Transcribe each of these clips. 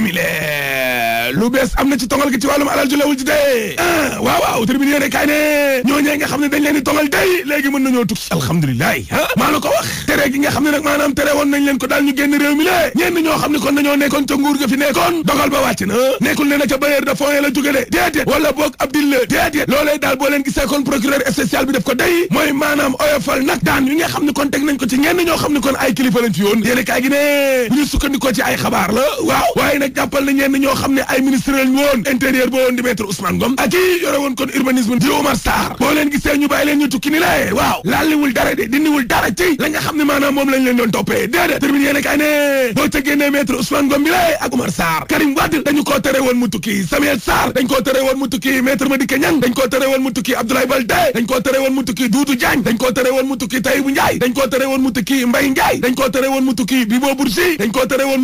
Mulher! lu bees am na ci tongal gi ci wàllum alal ju lewul ji dee ah, waaw waaw tribune yéene kaay ne ñooñee nga xam ne ah, la ko wax tere gi nga xam ne nag maanaam tere woon nañ leen ko daal ñu génn réew mi lée ñenn ñoo xam ne kon nañoo nekkoon ca nguur ga fi ne na ca bailleur de fonds la jóge de déedéet wala boog abdil la ko day mooy maanaam oyofal nag daan yi nga ne kon ne kon ay kilifa lañ fi yoon yéene kaay gi ne bu ñu sukkandikoo ci ay xabaar la waaw waaye nag jàppal na ñenn ñoo ay ministre lañ woon intérieur boo woon di maître Ousmane Ngom ak kii yore woon kon urbanisme di Omar Sarr boo leen gisee ñu bàyyi la nga Bibo Bourgi dañ koo tere woon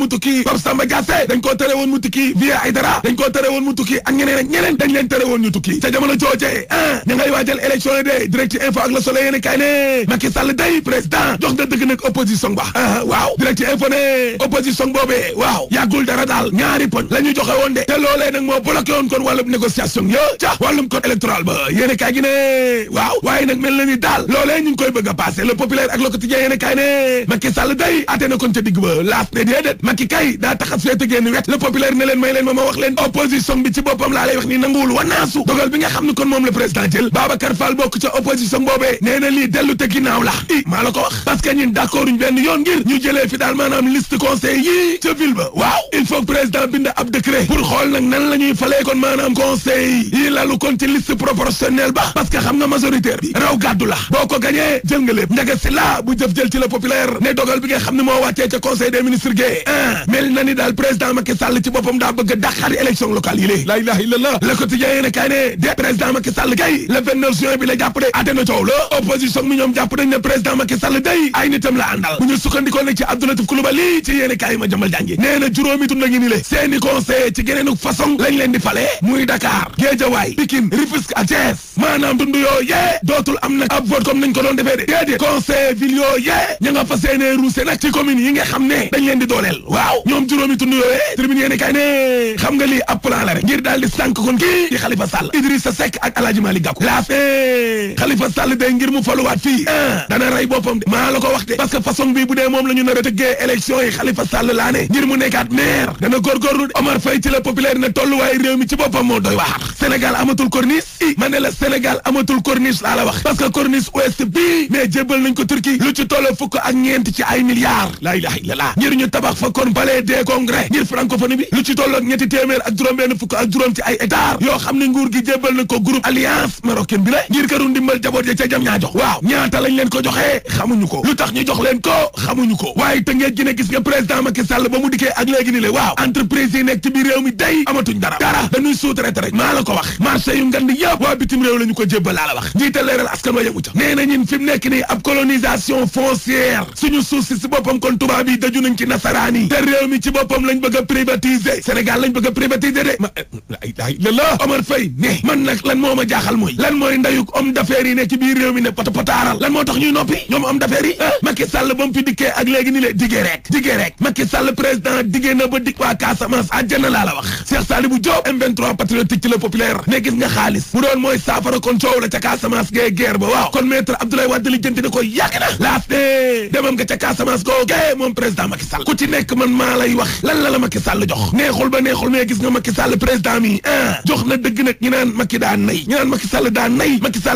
mu tukki Pape Samba Dia atte dañ ko tere mu tukki via ay dañ ko tere woon mu tukki ak ñeneen ak ñeneen dañ leen tere woon ñu tukki ca jamono ah, ngay élection direct info ak le soleil yéen kay Macky Sall day président jox na dëgg nag opposition ba ah, waaw direct info ne opposition boobee waaw yàggul dara daal ñaari poñ la ñu joxe woon de te bloqué kon wàllum négociation ya ca wàllum code électoral ba yéen kay gi ne waaw waaye nag mel ni daal loolee ñu koy bëgg passé le populaire ak le quotidien kay Macky Sall day atte na kon ca digg ba laas ne Macky kay enquête génn wet may leen ma ma wax leen opposition bi ci boppam laa lay wax ni nanguwul wanaasu dogal bi nga xam ne kon moom le président jël Babacar Fall bokk ca opposition boobee nee na lii dellu te ginnaaw la i maa la ko wax parce benn yoon ngir ñu jëlee fi daal maanaam liste conseil yii ca ville ba waaw il faut que président ab décret pour xool nag nan la ñuy falee kon maanaam conseil yi lalu kon ci liste proportionnelle ba parce xam nga majoritaire raw gàddu président Macky Sall ci boppam daa bëgg a dàqaat élection yi lée laa ilaha illallah le quotidien yéen ne de président Macky Sall kay le 29 juin bi la jàpp de la opposition mi ñoom jàpp nañ ne président Macky day ay nitam la àndal bu ñu sukkandikoo nag ci Abdoulatif Coulibaly ci yéen a ma jëmbal jàngi nee na juróomi tunda ngi ni le seeni conseil ci geneenu façon lañ leen di fale muy Dakar Guédiawaye Pikine Rufisque ak Thiès maanaam dund yoo yee dootul yoo yee ña dund yooyee xam nga lii ab ngir daal di kon kii di Khalifa Sall Idrissa Seck ak Alaaji Malick Gakou laas Khalifa Sall day ngir mu faluwaat fii ah, dana rey boppam maa la ko wax de parce bu dee moom la ñu nar a yi Khalifa Sall laa ngir mu nekkaat maire dana góorgóorlu de Omar Faye ci la populaire ne tolluwaay réew boppam moo doy waar Sénégal amatul corniche i ma ne la amatul corniche laa la wax parce que corniche ouest pare ngir francophonie bi lu ci tolloog ñetti téeméer ak juróom-benn fukk ak juróom ci ay hectare yoo xam ne nguur gi jébbal na ko groupe alliance marocaine bi la ngir këru ndimbal jaboot ya ca jam ñaa jox waaw ñaata lañ leen ko joxee xamuñu ko lu tax ñu jox leen ko xamuñu ko waaye te ngeen ne gis nga président Macky Sall ba mu dikkee ak léegi ni le waaw entreprise yi nekk ci biir mi day amatuñ dara dara dañuy sous-traité rek maa la ko wax marché yu wa yëngu ca nee na ñin fi mu nekk nii ab colonisation foncière suñu suuf si si boppam kon lañ bëgg a privatiser la wax Cheikh Sadibou Diop M23 patriotique ci le populaire ne gis nga xaalis bu doon mooy saafara kon coow la ca Casamance gee guerre ba waaw kon maître Abdoulaye Wade li jënti ne ko yàgg na laas de demam nga ca Casamance goo gee moom président Macky Sall ku ci nekk man maa wax lan la la Macky Sall jox neexul ba neexul mais nga Macky Sall mi ah jox na dëgg nag ñu naan Macky daa nay ñu jox na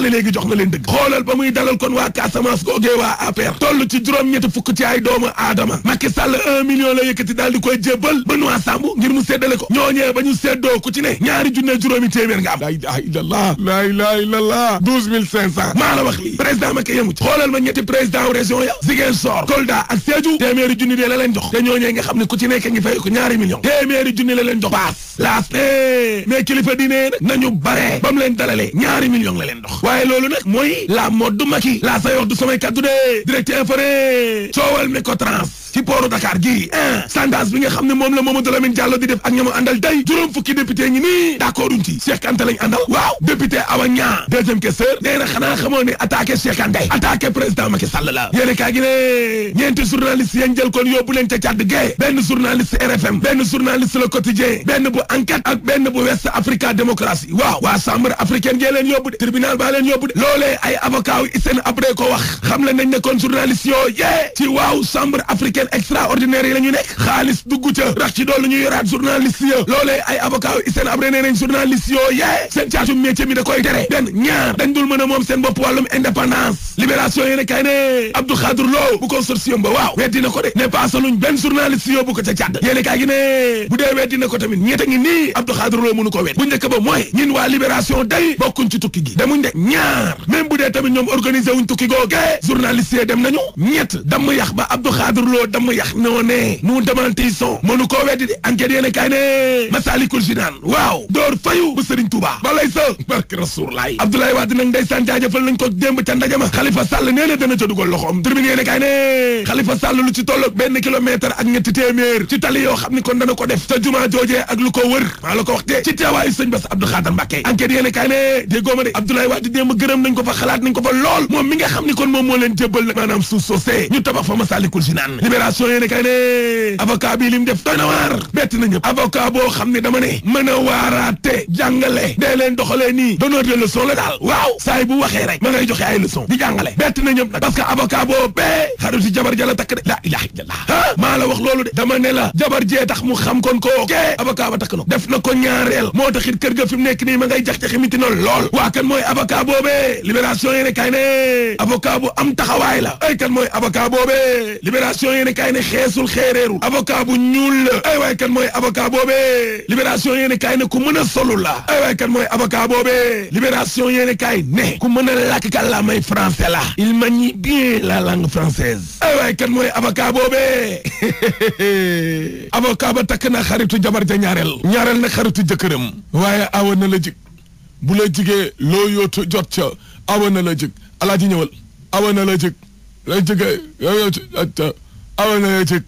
leen dëgg xoolal ba muy dalal kon waa Casamance googee waa APR toll ci juróom-ñetti fukk ci ay doomu aadama Macky Sall million la yëkkati daal di koy jébbal Benoît Sambou ngir mu ko ñooñee ba ñu séddoo ku ci ne juróomi téeméer nga am la ilaha illallah la ilaha illallah douze mille cinq cent maa la xoolal ma ñetti président fay ko ñaari millions téeméeri junni la leen jox baas laas mais kilifa diine na ñu bare ba mu leen dalalee ñaari millions la leen dox waaye loolu nag mooy la mode du Macky laa say wax du samay kaddu de directeur infore coowal Mécotrans ci pooru Dakar gii un eh, bi nga xam ne moom la Mamadou Lamine Diallo di def ak ñamu àndal day juróom fukki député ngi nii d'accord ci Cheikh Anta lañ àndal waaw député Awa Niang deuxième question nee na xanaa xamoo ne attaqué Cheikh Anta attaqué président Macky Sall la yéene kaa gi kon yóbbu leen ca Tchad benn journaliste RFM benn journaliste Le Quotidien benn bu enquête ak benn bu West Africa démocratie waaw waa chambre africaine gee leen de tribunal yeneen extraordinaire yi la ñu nekk xaalis dugg ca rax ci dool lu yoraat journaliste ya loolee ay avocat yu Hissène Habré nee journaliste yoo yee seen caacum métier mi da koy tere benn ñaar dañ dul mën seen bopp wàllum indépendance libération yéen a kay ne Abdou Khadr Lo ko de ne paasaluñ benn journaliste yoo bu ko ca càdd yéen a kaay gi ne bu dee weddi na ko ba mooy ñin waa libération day bokkuñ ci tukki gi demuñ de ñaar même bu dee tamit ñoom organiser wuñ tukki googee journaliste dem nañu ñett damm damm yax noo ne nous démentissons mënu koo weddi di enquête yéen a kaay ne Masaalikul Jinaan waaw door fayu bu Serigne Touba balay sa barke Rasuulaay Abdoulaye Wade nag ndeysaan jaajëfal nañ ko démb ca ndaje ma Khalifa Sall nee na dana ca dugal loxoom tribune yéen a kaay ne Khalifa Sall lu ci tolloog benn kilomètre ak ñetti téeméer ci tali yoo xam ni kon dana ko def te jumaa joojee ak lu ko wër maa la ko wax de ci teewaayu sëñ Bass Abdou Khadre Mbacké enquête yéen a kaay ne déggoo ma de Abdoulaye Wade démb gërëm nañ ko fa xalaat nañ ko fa lool moom mi nga xam ni kon moom moo leen jébbal nag maanaam suuf soosee ñu tabax fa Masaalikul Jinaan libération yéene kay ne avocat bi lim def doy na waar bett na ñëpp avocat boo xam ne dama ne mën a waaraate jàngale dee leen doxalee nii donneur de leçon la daal waaw saay bu waxee rek ma ngay joxe ay leçon di jàngale bett na ñëpp nag parce que avocat boo bee xaru si jabar jala takk de laa ilaha illallah ah maa la wax loolu de dama ne la jabar jee tax mu xam kon koo kee avocat ba takk na def na ko ñaareel moo taxit kër ga fi mu nekk nii ma ngay jax-jaxi miti noonu lool waa kan mooy avocat boobee libération yéene kay ne avocat bu am taxawaay la ay kan mooy avocat boobee libération yéen kaay ne xeesul xeereeru avocat bu ñuul la ay waay kan mooy avocat boobee libération yéen kaay ne ku mën a solu la ay waay kan mooy avocat boobee libération yéen kaay ne ku mën a làkk kàllaamay français la il manie bien la langue française ay waay kan mooy avocat boobee avocat ba takk na xaritu jabar ja ñaareel ñaareel na xaritu jëkkëram waaye awa na la jig bu la jigee loo yootu jot ca awa na la jig alaaji ñëwal awa na la jig la jige loo yootu jot ca Avunacık.